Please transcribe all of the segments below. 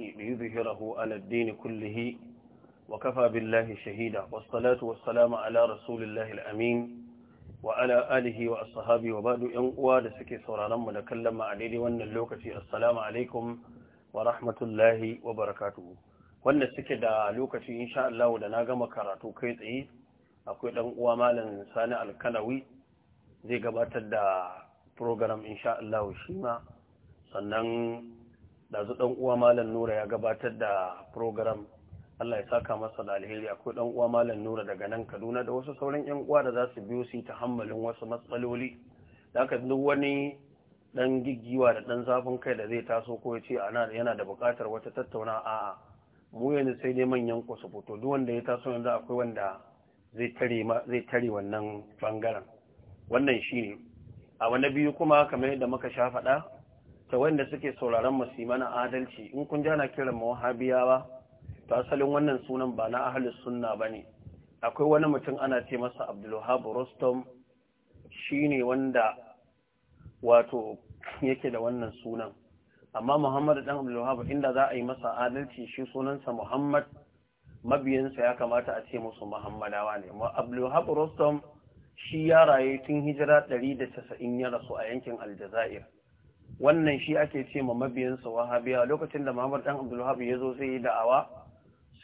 ليظهره على الدين كله وكفى بالله شهيدا والصلاة والسلام على رسول الله الأمين وعلى آله وأصحابه وبعد ينقوى لسكي سورانا ملكلم عليه وأن اللوكة السلام عليكم ورحمة الله وبركاته وأن سكي دا لوكة إن شاء الله ودناغ مكاراتو كيت إيه أقول لنقوى مالا سانا الكلوي زي قبات دا program insha Allah shi ma sannan dazu ɗan uwa malam nura ya gabatar da program Allah ya saka masa da alheri akwai ɗan uwa malam nura daga nan kaduna da wasu sauran yan uwa da za su biyo su ta hammalin wasu matsaloli da aka duk wani dan giggiwa da ɗan zafin kai da zai taso ko ya ce ana yana da buƙatar wata tattauna a'a mu yanzu sai dai manyan ku su fito duk wanda ya taso yanzu akwai wanda zai tare zai tare wannan bangaren wannan shine abu na biyu kuma kamar yadda muka sha faɗa ta wanda suke sauraron musimana adalci in kun jana kiran wahabiyawa to asalin wannan sunan ba na ahlus sunna ne. akwai wani mutum ana ce masa Abdulwahab Rostom shi ne wanda wato yake da wannan sunan amma Muhammadu dan abdulhab inda za a yi masa adalci shi sunansa Muhammad mabiyansa ya kamata a ce musu Muhammadawa ne Rostom shi ya raye tun hijira 190 ya rasu a yankin Aljazair wannan shi ake ce ma mabiyansa wahabiya lokacin da Muhammad dan Abdul Wahhab ya zo sai da'awa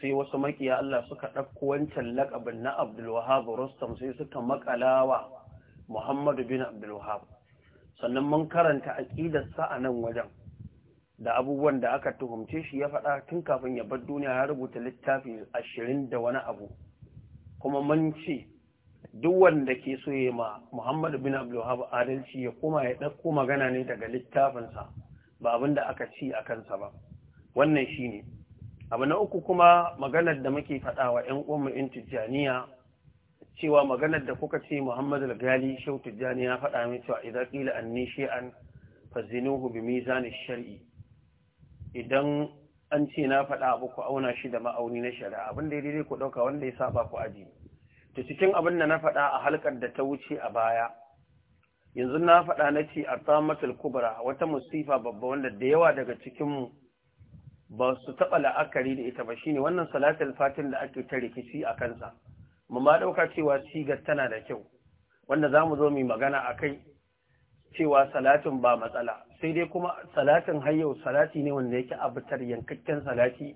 sai wasu makiya Allah suka ɗauko wancan lakabin na Abdul Wahhab Rustam sai suka makalawa Muhammadu bin Abdul sannan mun karanta aqidar sa a nan wajen da abubuwan da aka tuhumce shi ya faɗa tun kafin ya bar duniya ya rubuta littafi ashirin da wani abu kuma mun ce duk wanda ke so ya ma Muhammadu bin Abdulwahab adalci ya koma ya ɗauko magana ne daga littafinsa ba abin da aka ci a kansa ba wannan shi ne. abu na uku kuma maganar da muke faɗa wa ‘yan uwanmu Tijjaniya cewa maganar da kuka ce Muhammadu al-Gali Shehu Tijjani ya faɗa min cewa idan qila anni an fazinuhu bi mizani shari idan an ce na faɗa abu ku auna shi da ma'auni na shari'a abin da ya daidai ku ɗauka wanda ya saba ku aji ta cikin abin da na faɗa a halkar da ta wuce a baya yanzu na faɗa na ce a tsamatul kubra wata musifa babba wanda da yawa daga cikinmu ba su taɓa la'akari da ita ba shine wannan salatul fatin da ake ta rikici a kansa mu ma ɗauka cewa sigar tana da kyau wanda za mu zo mu magana a kai cewa salatin ba matsala sai dai kuma salatin hayyau salati ne wanda yake abutar yankakken salati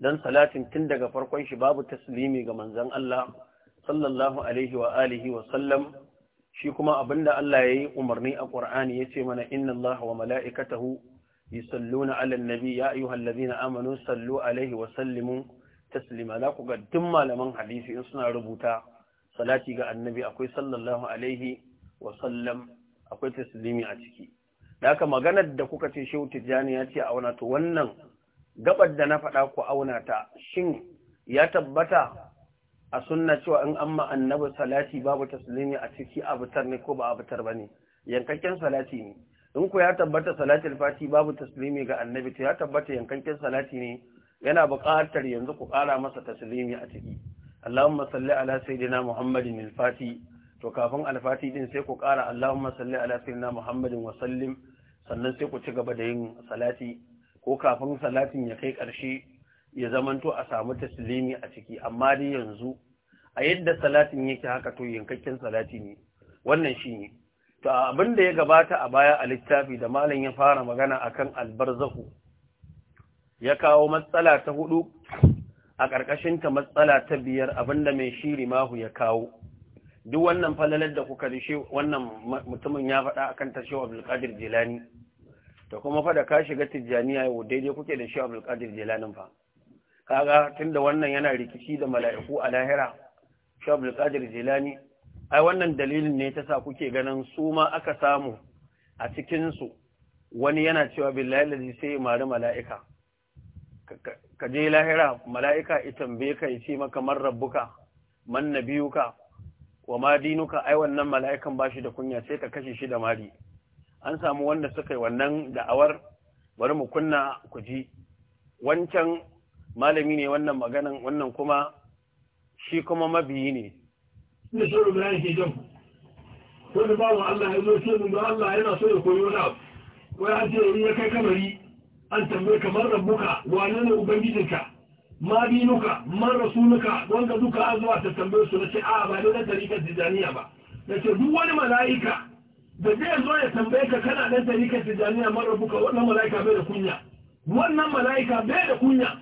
don salatin tun daga farkon shi babu taslimi ga manzon Allah sallallahu alaihi wa alihi wa sallam shi kuma abinda Allah ya yi umarni a ya ce mana inna Allah wa mala'ikatahu yusalluna 'alan nabi ya ayyuhallazina amanu sallu alaihi wa sallimu taslima za ku ga duk malaman hadisi in suna rubuta salati ga annabi akwai sallallahu alaihi wa sallam akwai taslimi a ciki da haka maganar da kuka ce shehu tijjani ya ce auna to wannan gabar da na faɗa ku auna ta shin ya tabbata a sunna cewa in amma annabi salati babu taslimi a ciki abutar ne ko ba abutar bane yankakken salati ne in ku ya tabbata salatul fati babu taslimi ga annabi to ya tabbata yankakken salati ne yana buƙatar yanzu ku ƙara masa taslimi a ciki Allahumma salli ala sayyidina Muhammadin al to kafin alfati din sai ku ƙara Allahumma salli ala sayyidina Muhammadin wa sallim sannan sai ku ci gaba da yin salati ko kafin salatin ya kai ƙarshe ya zamanto a samu taslimi a ciki amma dai yanzu a yadda salatin yake haka to yankakken salati ne wannan shi ne to abin da ya gabata a baya a littafi da malam ya fara magana akan albarzahu ya kawo matsala ta hudu a ta matsala ta biyar abin da mai shiri mahu ya kawo duk wannan falalar da kuka rishe wannan mutumin ya faɗa akan ta shehu abdulkadir jilani da kuma faɗa ka shiga tijjaniya yau daidai kuke da shi shehu abdulkadir jilanin fa kaga tunda wannan yana rikici da mala'iku a lahira shabul qadir jilani ai wannan dalilin ne ta sa kuke ganin su ma aka samu a cikin su wani yana cewa billahi lazi sai mari mala'ika ka je lahira mala'ika ita tambaye ka ce maka man rabbuka man nabiyuka wa ma dinuka ai wannan mala'ikan bashi da kunya sai ka kashe shi da mari an samu wanda suka yi wannan da'awar bari mu kunna ku ji wancan malami ne wannan maganan wannan kuma shi kuma mabiyi ne ne shi rubuta yake jan Ko ba bawa Allah ya zo sai mun Allah yana so ya koyi wani abu wai an ce ya kai kamari an tambaye kamar rabbuka wane ne ubangijinka ma dinuka ma rasuluka wanda duka an zuwa ta tambaye su na ce a ba ne na tarikar tijaniya ba na ce duk wani mala'ika da zai zo ya tambaye ka kana ɗan tarikar tijaniya ma rabbuka wannan mala'ika bai da kunya wannan mala'ika bai da kunya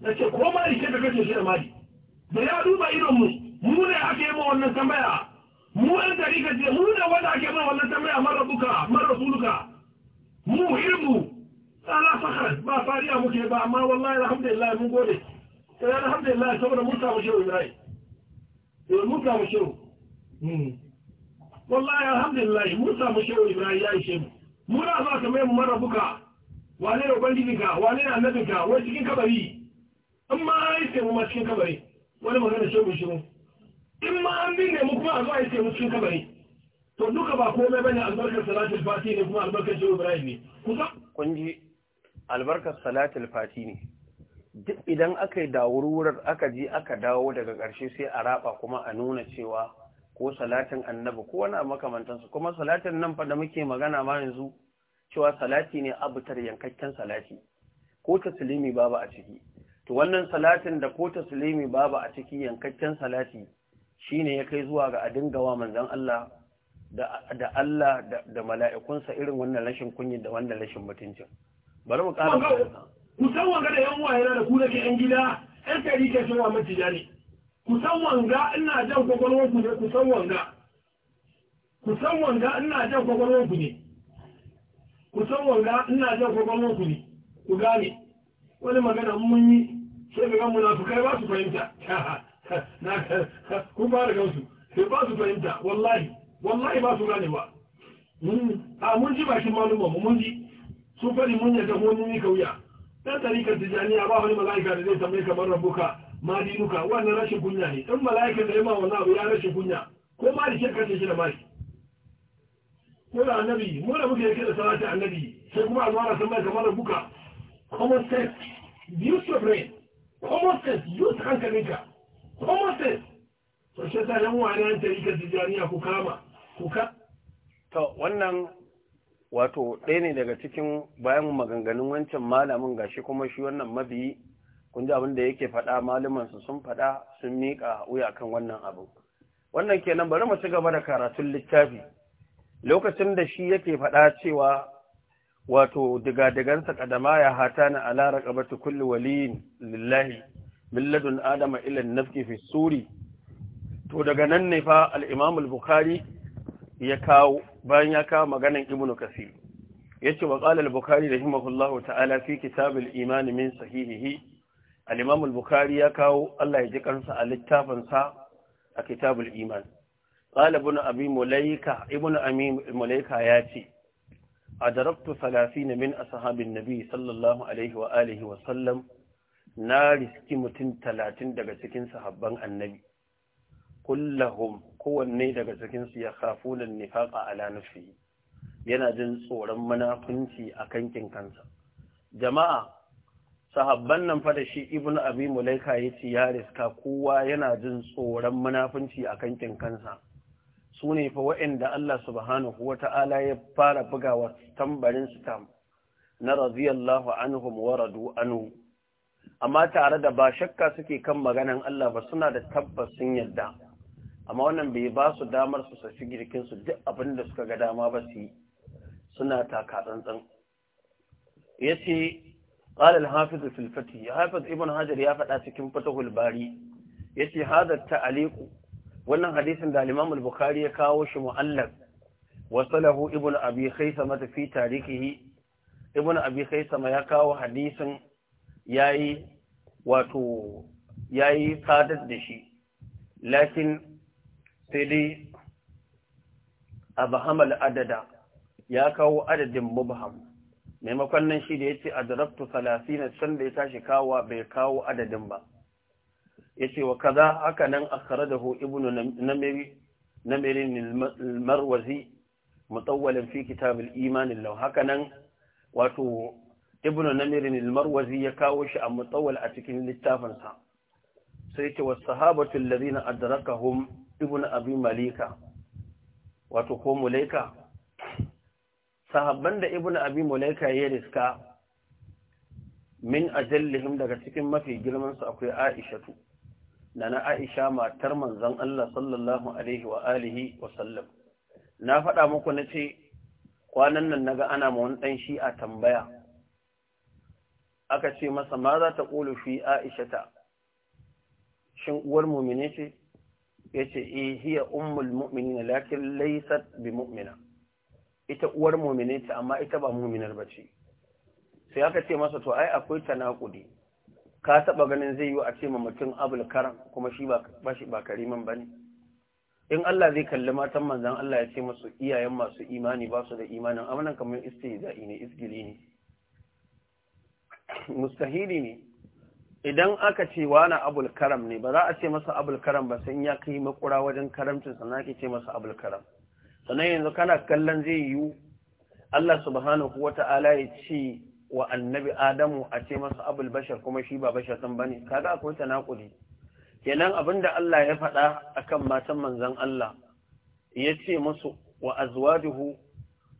na ce ko ma rike ka kace shi da mali da ya duba idonmu mu ne ake yi wannan tambaya mu ɗan tarika ce mu ne wanda ake mun wannan tambaya mara buka mara suluka mu ilmu ala fakhar ba fariya muke ba amma wallahi alhamdulillah mun gode sai eh, alhamdulillah saboda mun samu shehu ibrahim to eh, mun samu shehu hmm. wallahi alhamdulillah mun samu shehu ibrahim ya ishe mu muna ka mai mu mara buka wane ne ubangijinka wane ne annabinka wai cikin kabari amma ai sai mu ma cikin kabari wani magana shogun shi in ma an bin mu kuma a zuwa ya ce mu cikin kabari to duka ba komai bane albarkar salatul fati ne kuma albarkar shehu ibrahim ne kusa kun ji albarkar salatul fati ne duk idan aka yi dawurwurar aka ji aka dawo daga ƙarshe sai a raba kuma a nuna cewa ko salatin annabi ko wani makamantansu kuma salatin nan fa da muke magana ma yanzu cewa salati ne abutar yankakken salati ko silimi babu a ciki to wannan salatin da ko taslimi babu a ciki yankakken salati shine ya kai zuwa ga a dinga wa manzon Allah da Allah da mala'ikunsa irin wannan rashin kunyi da wannan rashin mutuncin bari mu ƙara musamman ga da yan waye da ku da ke yan gida yan tari ke sun wa mutija ne kusan wanga ina jan kwakwalwar ku ne kusan ga kusan ga ina jan kwakwalwar ku ne kusan wanga ina jan kwakwalwar ku ne ku gane wani magana mun yi sai ga munafukai ba su fahimta kun fara da gansu sai ba su fahimta wallahi wallahi ba su gane ba a mun ji bakin malumma mu mun ji sun fari mun yadda mun ni kauya dan tarikar tijaniya ba wani mala'ika da zai tambaye kamar rabuka ma dinuka wannan rashin kunya ne dan mala'ika da yamma wannan abu ya rashin kunya ko ma da shirka shi da mai ko da annabi mu da muke yake da salati annabi sai kuma a zuwa san mai kamar rabuka common sense use your brain common sense hankalinka common to shi ta yi wani an tari tijaniya ku kama ku ka to wannan wato ɗaya ne daga cikin bayan maganganun wancan malamin gashi kuma shi wannan mabiyi kun ji abin da yake faɗa malamansu sun faɗa sun miƙa wuya kan wannan abu wannan kenan bari mu ci gaba da karatun littafi lokacin da shi yake faɗa cewa wato diga-digansa kadama ya hata na alara kabata kulli waliyin lillahi milladun adama ilan nafki fi suri to daga nan ne fa al bukhari ya kawo bayan ya kawo maganan ibnu kasir ce wa qala al-bukhari rahimahullahu ta'ala fi kitab imani min sahihihi Al'imamul bukhari ya kawo Allah ya ji kansa a littafinsa a kitabul iman qala ibnu abi mulaika ibnu amim mulaika ce أدركت ثلاثين من أصحاب النبي صلى الله عليه وآله وسلم نار سكمة ثلاثين دقا سكين صحبان النبي كلهم هو الني دقا سكين يخافون النفاق على نفسه yana jin tsoron munafunci a kankin kansa jama'a sahabban nan fa da shi ibnu abi mulaika yace ya riska kowa yana jin tsoron munafunci a kankin kansa su ne fa wa'inda Allah subhanahu wa ta'ala ya fara bugawa tambarin su tam na radiyallahu anhum wa radu amma tare da ba shakka suke kan maganan Allah ba suna da tabbas sun yarda amma wannan bai ba su damar su sashi girkin su duk abin da suka ga dama ba su yi suna taka tsantsan yace ce الحافظ Hafizu Filfati, Hafiz Ibn حجر ya faɗa cikin fatahul bari yace hada ta'aliqu wannan hadisin da Imam al-Bukhari ya kawo shi mu'allaf wasalahu Ibn Abi Khaisama fi tarikihi Ibn Abi Khaisama ya kawo hadisin yayi wato yayi sadar da shi lakin sai dai Abu Hamal adada ya kawo adadin mubham maimakon nan shi da yace adrabtu 30 san da ya tashi kawo bai kawo adadin ba Ya ce wa kaza haka nan akhrajahu ibnu namiri namiri al-marwazi mutawwalan fi kitab imanin lau? law haka nan wato ibnu namiri al-marwazi ya kawo shi a matsawal a cikin littafin sa sai ce was sahabatu alladhina adrakahum ibnu abi malika wato ko mulaika sahabban da ibnu abin mulaika ya riska min ajallihim daga cikin mafi girman su akwai aishatu da na Aisha matar manzon Allah sallallahu alaihi wa alihi wa sallam na faɗa muku nace kwanan nan naga ana ma wani shi a tambaya aka ce masa ma za ta kulu fi Aisha ta shin uwar mumini ce ya ce eh, hiya ummul mu'minina lakin laysat bi mu'mina ita uwar mumini ce amma ita ba muminar bace sai aka ce masa to ai akwai tanakudi ka taɓa ganin zai yi a ce ma mutum abul karam kuma shi ba kariman ba ne in Allah zai kalli matan manzan Allah ya ce masu iyayen masu imani ba su da imanin amanan kamar istihza'i ne isgili ne mustahili ne idan aka ce wani abul karam ne ba za a ce masa abul karam ba sai ya kai makura wajen karamcin sannan ake ce masa abul karam sannan yanzu kana kallon zai yiwu Allah subhanahu wata'ala ya ce wa annabi adamu a ce masa abul bashar kuma shi ba bashar ɗin bane kaga akwai tanakuli kenan abinda Allah ya faɗa akan matan manzon Allah ya ce musu wa azwajuhu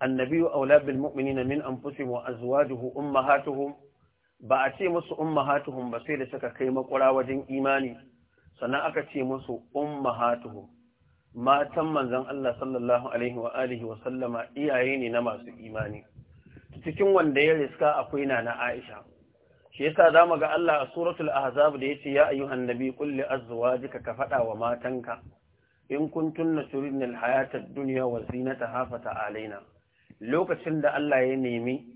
annabiyu aula bil mu'minina min anfusihim wa azwajuhu ummahatuhum ba a ce musu ummahatuhum ba sai da suka kai makura wajen imani sannan aka ce musu ummahatuhum matan manzon Allah sallallahu alaihi wa alihi wa sallama iyaye ne na masu imani cikin wanda ya riska akwai na na Aisha shi yasa zamu ga Allah a suratul ahzab da yace ya ayyuhan nabi qul li azwajika ka fada wa matanka in kuntunna turidna alhayata ad-dunya wa zinataha alaina. lokacin da Allah ya nemi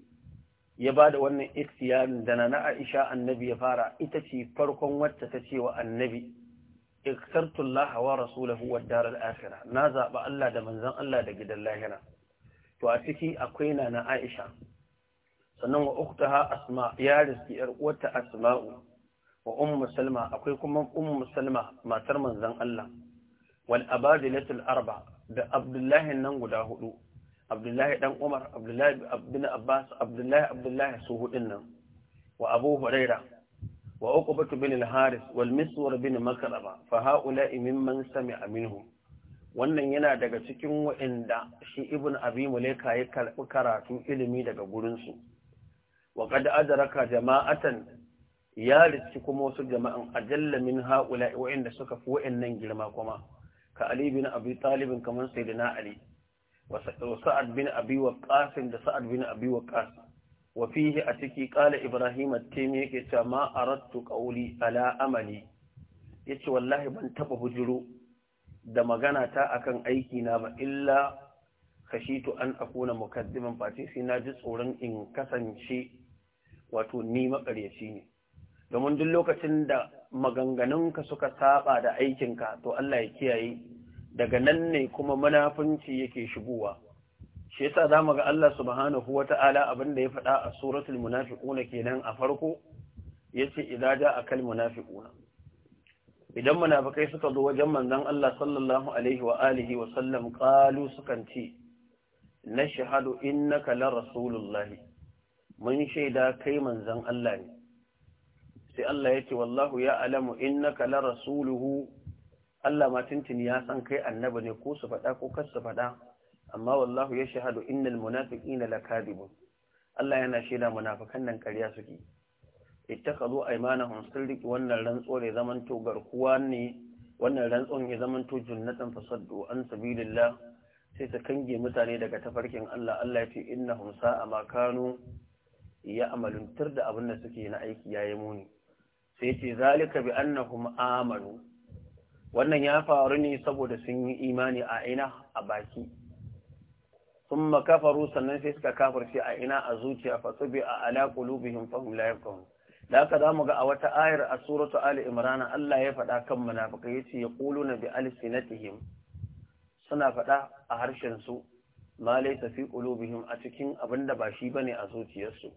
ya bada wannan ikhtiyarin da na Aisha annabi ya fara ita ce farkon wacce ta ce wa annabi اخترت الله ورسوله والدار الآخرة نازع بألا Allah da الله Allah da الله هنا to a ciki akwai na na Aisha sannan wa uktaha asma ya riski yar uwarta asma'u wa ummu salma akwai kuma ummu salma matar manzon Allah wal abadilatul arba da abdullahi nan guda hudu abdullahi dan umar abdullahi ibn abbas abdullahi abdullahi su hudin nan wa abu huraira wa uqbatu bin al-haris wal miswar bin makraba fa haula'i mimman sami'a minhum wannan yana daga cikin waɗanda shi ibn abi mulaika ya karɓi karatu ilimi daga gurinsu wa qad adraka jama'atan ya riski kuma wasu jama'an ajalla min haula wa'inda suka fi wa'annan girma kuma ka ali bin abi talib kaman sayyidina ali wa sa'ad bin abi waqqas da sa'ad bin abi waqqas wa fihi atiki qala ibrahim at-timi yake cewa ma aradtu qawli ala amali yace wallahi ban taɓa bujuro da magana ta akan aiki na ba illa kashitu an akuna mukaddiman face sai na ji tsoron in kasance wato ni maƙaryaci ne domin duk lokacin da maganganunka suka saba da aikinka to Allah ya kiyaye daga nan ne kuma munafunci yake shigowa shi yasa zamu ga Allah subhanahu wata'ala abinda ya faɗa a suratul munafiquna kenan a farko yace idza jaa akal munafiquna idan munafikai suka zo wajen manzon Allah sallallahu alaihi wa alihi wa sallam qalu sukan ce nashhadu innaka la rasulullahi mun shaida kai manzan Allah ne sai Allah ya ce wallahu ya alamu innaka la rasuluhu Allah ma tintin ya san kai annabi ne ko su faɗa ko kar su faɗa amma wallahu ya shahadu innal munafiqina lakadibun Allah yana shaida munafikan nan ƙarya suke ittakhadhu aymanahum sirri wannan rantso ne zaman to garkuwa ne wannan rantson ya zaman to junnatan fasaddu an sabilillah sai ta kange mutane daga tafarkin Allah Allah ya ce innahum sa'a ma kanu ya amaluntar da abin da suke na aiki ya yi muni sai ce zalika bi annahum amanu wannan ya faru ne saboda sun yi imani a ina a baki sun makafaru sannan sai suka kafarci a ina a zuciya fatsubi a ala qulubihim fa hum la yafqahun da haka zamu ga a wata ayar a suratu ali imran Allah ya faɗa kan munafikai yace yaquluna bi alsinatihim suna faɗa a harshen su ma laysa fi qulubihim a cikin abinda ba shi bane a zuciyarsu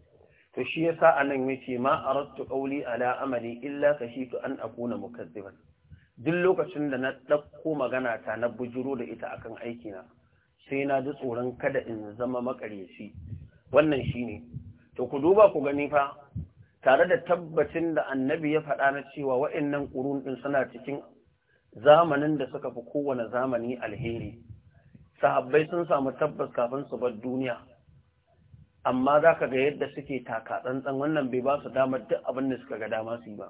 to shi yasa anan yace ma arattu qawli ala amali illa kashitu an akuna mukazziban duk lokacin da na dauko magana ta na bujuro da ita akan aiki na sai na ji tsoron kada in zama makaryaci wannan shine to ku duba ku gani fa tare da tabbacin da annabi ya faɗa na cewa wa'annan qurun din suna cikin zamanin da suka fi kowane zamani alheri sahabbai sun samu tabbas kafin su bar duniya amma za ka ga yadda suke taka tsantsan wannan bai ba su damar duk abin da suka ga dama su ba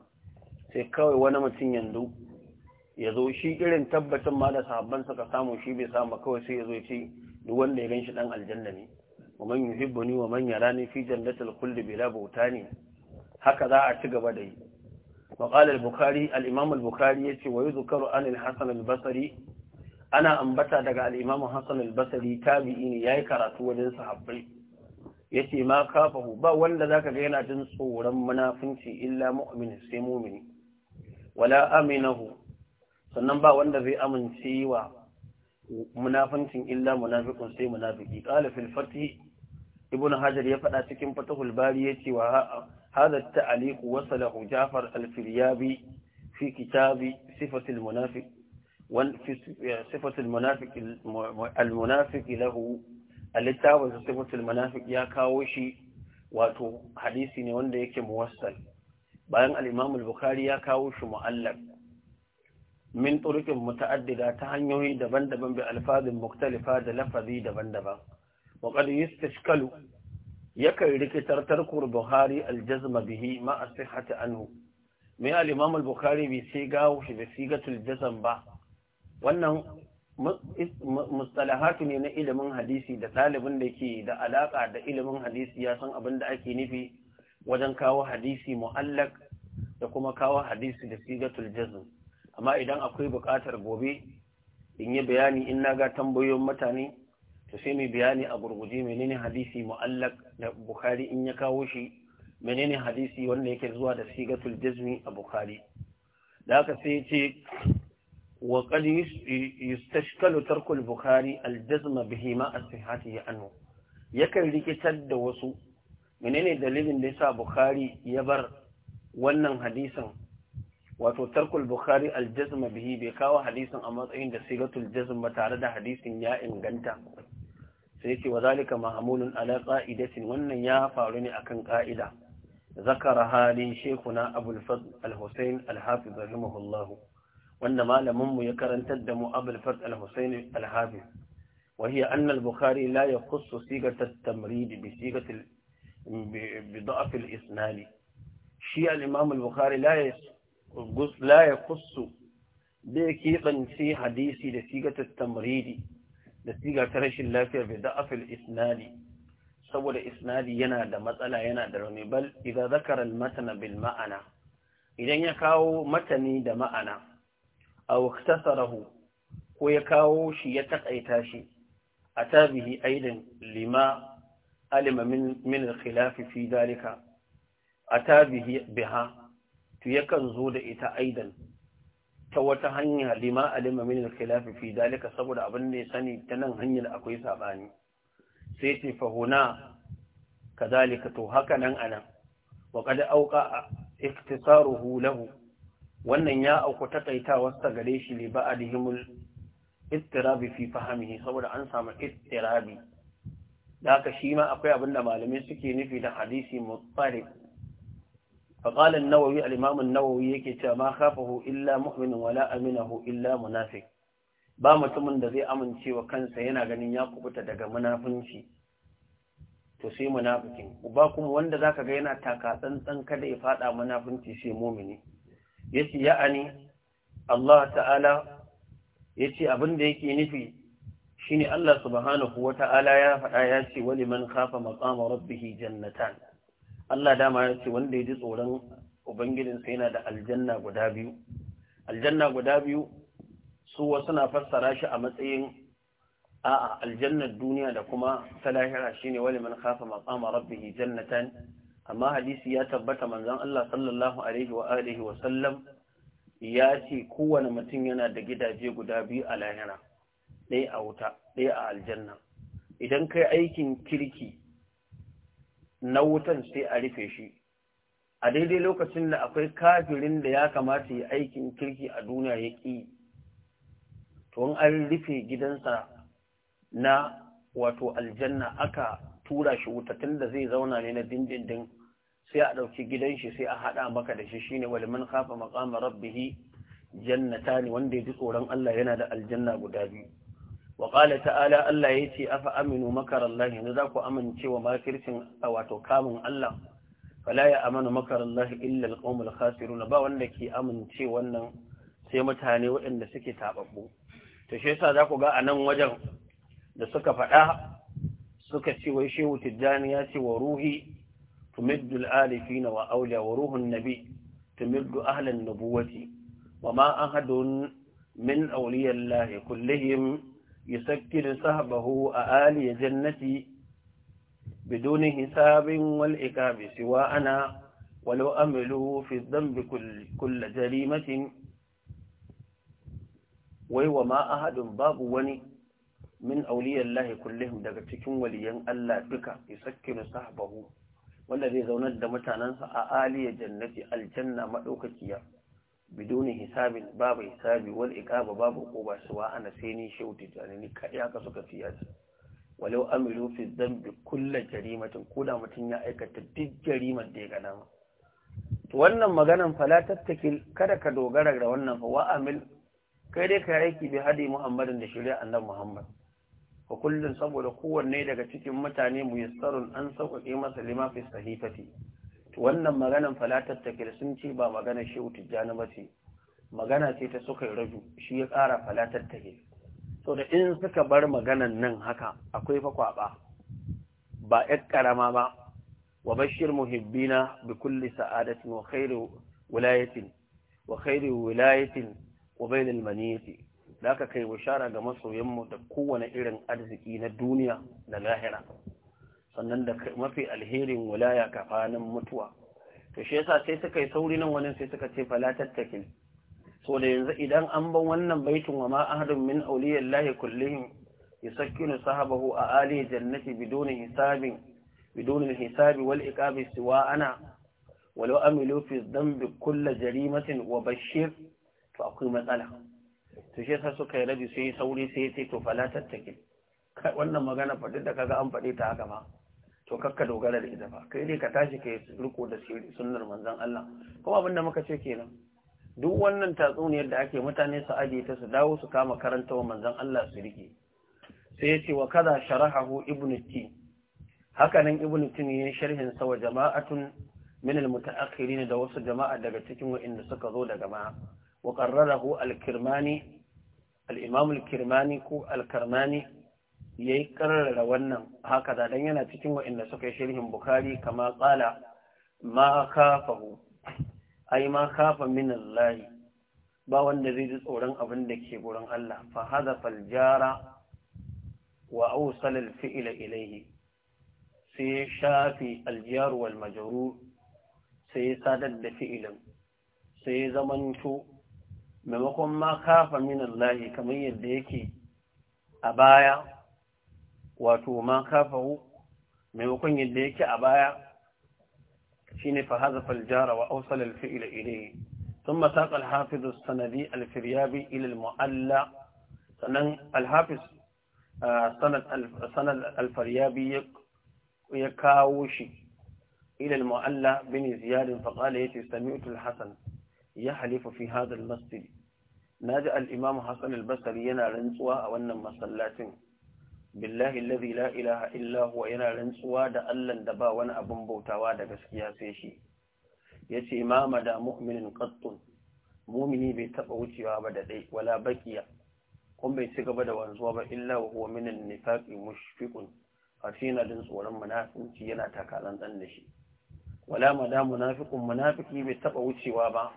sai kawai wani mutum yanzu ya zo shi irin tabbacin ma da sahabban suka samu shi bai samu kawai sai ya zo ce duk wanda ya ganshi dan aljanna ne wa man yuhibbuni wa man yarani fi jannatil khuldi bila bawtani haka za a ci gaba da yi wa qala al-bukhari al-imam al-bukhari yace wa yuzkaru an al-hasan al-basri ana ambata daga al-imam hasan al-basri tabi'i ne yayi karatu wajen sahabbai yace ma kafahu ba wanda zaka ga yana jin tsoron munafinci illa mu'min sai mu'mini wala aminahu sannan ba wanda zai amince wa munafincin illa munafiqun sai munafiki qala fil fath ibnu hajar ya faɗa cikin fatahul bari yace wa hadha taliq wasalahu ja'far al-firyabi fi kitabi sifatul munafiq wa sifatul munafiq al-munafiq lahu a littafin su sifatul munafiq ya kawo shi wato hadisi ne wanda yake muwassal bayan al-Imam al-Bukhari ya kawo shi mu'allaq min turuqin muta'addida ta hanyoyi daban-daban bi alfazin mukhtalifa da lafazi daban-daban wa qad yastashkalu kai rikitar tarkur Buhari Aljazma bihi ma hata anu. anhu me al-Imam al-Bukhari bi sai gawo shi da sigatul jazm ba wannan mustalahatu ne na ilimin hadisi da ɗalibin da ke da alaƙa da ilimin hadisi ya san abin da ake nufi wajen kawo hadisi mu'allak da kuma kawo hadisi da sigatul jazm amma idan akwai buƙatar gobe in yi bayani in na ga tambayoyin mutane to sai mai bayani a gurguje menene hadisi mu'allak da bukhari in ya kawo shi menene hadisi wanda yake zuwa da sigatul jazmi a bukhari da haka sai ce وقد يستشكل ترك البخاري الجزم بهما الصحاته عنه yakan rikitar da wasu menene dalilin da yasa bukhari ya bar wannan hadisin wato tarkul bukhari aljazma bihi bai kawo hadisin a matsayin da sigatul jazm ba tare da hadisin ya inganta sai ce wa zalika mahmulun ala qa'idatin wannan ya faru ne akan qa'ida zakara halin shekuna abul fadl al-husayn al-hafiz rahimahullahu وانما لمم يكرنت الدم ابو الفرد الحسين الحافظ وهي ان البخاري لا يخص صيغه التمريد بصيغه بضعف الاسناد شيء الامام البخاري لا يخص لا يخص بكيف في حديثي لصيغه التمريد لصيغه ترش لا في ضعف الاسناد سبب الاسناد ينا مساله ينادى بل اذا ذكر المتن بالمعنى اذا يكاو متني ده aw iktasarahu ko ya kawo shi ya takaita shi atabihi aidan lima alima min min fi dalika atabihi biha tu yakan zo da ita aidan ta wata hanya lima alima min al fi dalika saboda abin da ya sani ta nan hanyar akwai sabani sai ce fa kadalika to haka nan anan wa qad auqa iktisaruhu lahu wannan ya auku takaitawarsa gare shi ne ba a dihimul istirabi fi fahimihi saboda an samu istirabi da haka shi ma akwai abin da malamai suke nufi da hadisi mutsari فقال النووي الإمام النووي يكي ما خافه إلا مؤمن wala أمنه illa منافق ba mutumin da zai amince wa kansa yana ganin ya kubuta daga munafunci to sai munafikin ba kuma wanda zaka ga yana taka tsantsan kada ya faɗa munafunci sai mumini yace ya'ani Allah ta'ala yace abin da yake nufi shine Allah subhanahu wata'ala ya faɗa ya ce wani man khafa maqama rabbih jannatan Allah dama ya ce wanda ya ji tsoron ubangijinsa yana da aljanna guda biyu aljanna guda biyu su wasu na fassara shi a matsayin a'a aljannar duniya da kuma ta lahira shine wani man khafa maqama rabbih jannatan amma hadisi ya tabbata manzon Allah sallallahu alaihi wa alihi wa sallam ya ce kowane mutum yana da gidaje guda biyu a lahira ɗaya a wuta ɗaya a aljanna idan kai aikin kirki na wutan sai a rufe shi a daidai lokacin da akwai kafirin da ya kamata yi aikin kirki a duniya ya ƙi to an rufe gidansa na wato aljanna aka tura shi wuta tunda zai zauna ne na dindindin sai a ɗauki gidan shi sai a haɗa maka da shi shine wal man khafa maqama Jannata ne. wanda ya ji tsoron Allah yana da aljanna guda biyu wa qala ta'ala Allah yace afa aminu makarallahi Yanzu za ku amince wa makircin wato kamun Allah fala ya amanu makarallahi illa alqawmul khasirun ba wanda ke amince wannan sai mutane waɗanda suke taɓaɓɓu. to shi yasa za ku ga a nan wajen da suka faɗa سكتي ويشيو تدانيات وروهي تمد الآلفين وأولي وروه النبي تمد أهل النبوة وما أحد من أولي الله كلهم يسكر صحبه أآلي جنة بدون حساب والإكاب سوى أنا ولو أملوا في الذنب كل, كل جريمة وي وما أحد باب وني min lahi kullum daga cikin waliyan Allah duka yusakkinu bahu wanda zai zaunar da mutanensa a aliyar jannati aljanna madaukakiya biduni hisabin babu hisabi wal iqaba babu quba suwa ana sai ni shauti tani kai aka suka fiya walau amilu fi dhanbi kullu jarimatin koda mutun ya aikata duk jarimar da ya ga dama to wannan maganan fala tattakil kada ka dogara da wannan fa wa amil kai dai ka aiki bi hadi muhammadin da shari'a annabi muhammad wa kullum saboda kowanne daga cikin mutane muyassarun an sauƙaƙe masa lima sahifati wannan maganan falatar sun ce ba magana shehu tijjani ba ce magana ce ta suka yi raju shi ya ƙara falatar takir so da in suka bar maganan nan haka akwai fa ba ƴar ƙarama ba wa bashir muhibbina bi kulli sa'adatin wa khairu wilayatin wa khairu wilayatin wa bainal maniyati da aka kai bishara ga masoyanmu da kowane irin arziki na duniya da lahira sannan da mafi alherin wilaya kafanin mutuwa to shi yasa sai suka yi sauri nan wani sai suka ce fala tattakin so da yanzu idan an ban wannan baitin wa ma ahadun min awliyallahi kullihim yusakkinu sahabahu a ali jannati biduni hisabin biduni hisabi wal iqabi siwa ana walau amilu fi dhanbi kulli jarimatin wa bashir to akwai matsala to shi yasa suka yi rabi sai sauri sai sai to fala tattake wannan magana faɗin da kaga an faɗi ta haka ma to kakka dogara da ita ba kai dai ka tashi kai riko da sunnar manzon Allah kuma abinda muka ce kenan duk wannan tatsuniyar da ake mutane su aje ta su dawo su kama karanta wa manzon Allah su rike sai ya ce wa kaza sharahahu ibnu ti haka nan ibnu ti ne sharhin sa wa jama'atun min al-mutaakhirin da wasu jama'a daga cikin wa'inda suka zo daga ma wa qarrarahu al al'imamul kirmani ko alkarmani ya yi karrara wannan haka da dan yana cikin waɗanda suka yi shirhin bukari kama tsala ma hu. ai ma kafa min Allah ba wanda zai ji tsoron abin da ke gurin Allah fa hadafa jara wa awsala fi'ila ilaihi, sai shafi aljar majaru sai ya sadar da fi'ilin sai zamanto maimakon ma kafa minan lahi kamar yadda yake a baya wato ma kafahu maimakon yadda yake a baya shine fa hazafa al-jara wa awsal al-fi'la ilayhi thumma saqa al-hafiz sanadi al-firyabi ila al-mu'alla sanan al-hafiz ah, sanad al-firyabi ya kawo shi ila al-mu'alla bin ziyad fa qala yati sami'tu Hassan. ya halifa fi hadal masjid na ji al'imamu hassan albasari yana rantsuwa a wannan masallacin billahi lazi la ilaha illahu yana rantsuwa da allan da ba wani abin bautawa da gaskiya sai shi ya ce ma da mu'minin kattun mumini bai taɓa wucewa ba da ɗai wala bakiya kun bai ci gaba da wanzuwa ba illa wa huwa minin nifaƙi mushfiqun fasi yana jin tsoron munafinci yana takalan da shi wala ma da munafiqun munafiki bai taɓa wucewa ba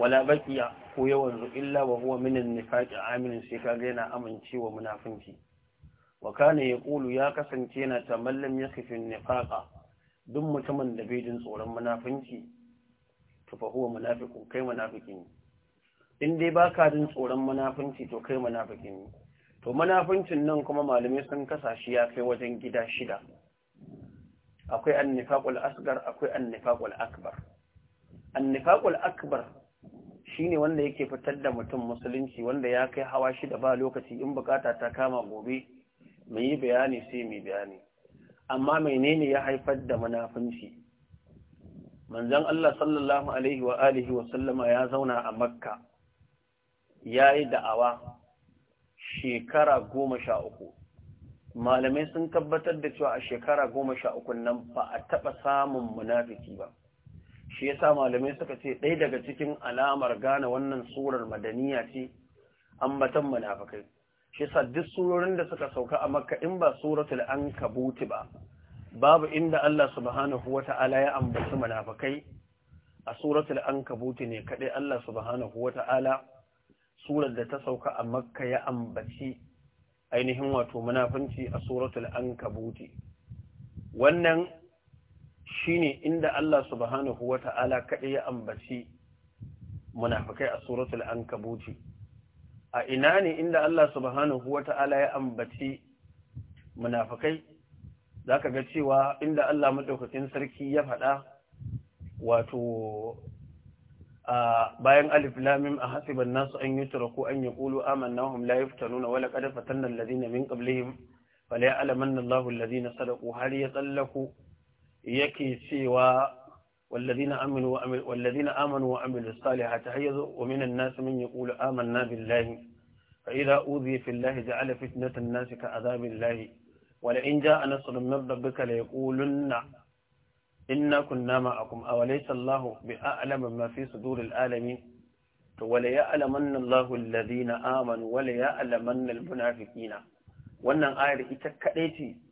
wala ya ko yawan illa wa huwa min nifaqi aminin sai kaga yana amincewa munafinci wa kana yaqulu ya kasance yana tamallam yakifin nifaqa duk mutumin da bai jin tsoron munafinci to fa huwa munafiqun kai munafiki ne in dai baka jin tsoron munafinci to kai munafiki ne to munafincin nan kuma malamai sun kasa shi ya kai wajen gida shida akwai annifaqul asgar akwai annifaqul akbar annifaqul akbar Shi ne wanda yake fitar da mutum musulunci wanda ya kai hawa shida ba lokaci in bukata ta kama gobe mai yi bayani sai mai bayani amma menene ya haifar da munafunci manzon Allah sallallahu alaihi wa alihi wa sallama ya zauna a makka yayi da'awa shekara goma sha uku malamai sun tabbatar da cewa a shekara goma sha uku nan ba a taɓa samun munafiki ba shi yasa malamai suka ce ɗaya daga cikin alamar gane wannan surar madaniya ce ambatan munafikai shi yasa duk surorin da suka sauka a makka in ba suratul ankabuti ba babu inda Allah subhanahu wata'ala ya ambaci munafikai a suratul ankabuti ne kadai Allah subhanahu wata'ala surar da ta sauka a makka ya ambaci ainihin wato munafunci a suratul ankabuti wannan shine inda Allah subhanahu ta'ala kaɗai ya ambaci munafikai a suratul ankabuti a ina ne inda Allah subhanahu ta'ala ya ambaci munafikai zaka ga cewa inda Allah madaukakin sarki ya faɗa wato bayan alif lamim a hasiban nasu an yi turaku an yi ƙulu amanna hum la yuftanuna wala qad min qablihim fala ya'lamanna Allahu alladhina Sadaku, har ya tsallaku yake cewa wallazina aminu wa amanu wa amil salihat hayyazu wa minan nas man yaqulu amanna billahi fa idha udhi fi llahi ja'ala fitnatan nas ka adhabi llahi wa la in ja'a nasrun min rabbika la yaqulunna inna kunna ma'akum aw laysa llahu bi a'lam ma fi sudur alamin to wala ya'lamanna llahu alladhina amanu wala ya'lamanna almunafiqina wannan ayar ita kadai ce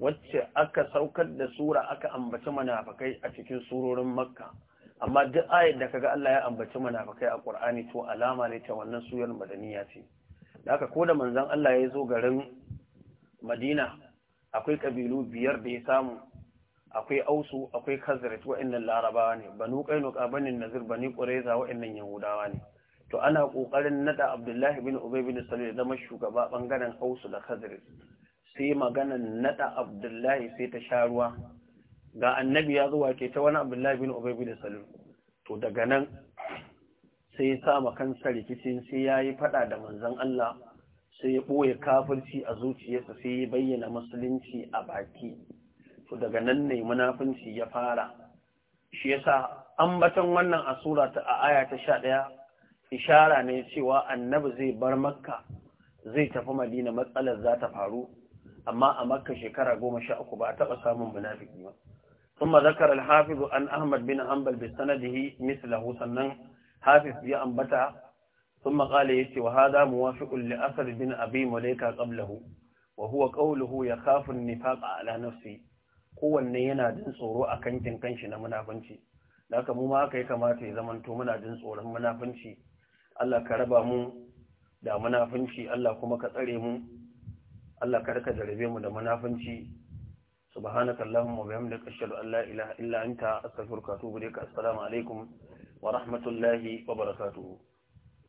wacce aka saukar da sura aka ambaci munafikai a cikin surorin makka amma duk ayat da kaga Allah ya ambaci munafikai a Qur'ani to alama ne ta wannan suyar madaniya ce da haka ko da manzon Allah ya zo garin Madina akwai kabilu biyar da ya samu akwai Ausu akwai Khazraj wa'annan Larabawa ne Banu Qainuq banin Nazir Bani Quraiza, wa'annan Yahudawa ne to ana kokarin nada Abdullahi bin Ubay bin Salul da zama shugaba bangaren Ausu da Khazraj sai maganan nada abdullahi sai ta sha ruwa ga annabi ya zuwa ke ta wani abdullahi bin ubay da salul to daga nan sai ya sa ma kansa rikicin sai ya yi fada da manzon Allah sai ya boye kafirci a zuciyarsa sai ya bayyana musulunci a baki to daga nan ne munafunci ya fara shi yasa ambaton wannan asura ta a aya ta 11 ishara ne cewa annabi zai bar makka zai tafi madina matsalar za ta faru amma a makka shekara goma sha uku ba a taɓa samun munafiki ba. Sun mazakar hafizu an Ahmad bin Hanbal bi sanadihi mislahu sannan hafiz ya ambata sun maƙale ya ce wa hada mu wafi ulli asali bin abi mulaika ƙablahu wa huwa ya kafin nifaƙ a ala nafsi kowanne yana jin tsoro a kankin kin kanshi na munafunci. Da haka mu aka yi kamata ya zama to muna jin tsoron munafunci. Allah ka raba mu da munafunci Allah kuma ka tsare mu. Allah kada ka jarabe mu da munafunci subhanaka allahumma wa bihamdika ashhadu an la ilaha illa anta astaghfiruka wa atubu ilaik assalamu alaikum wa rahmatullahi wa barakatuh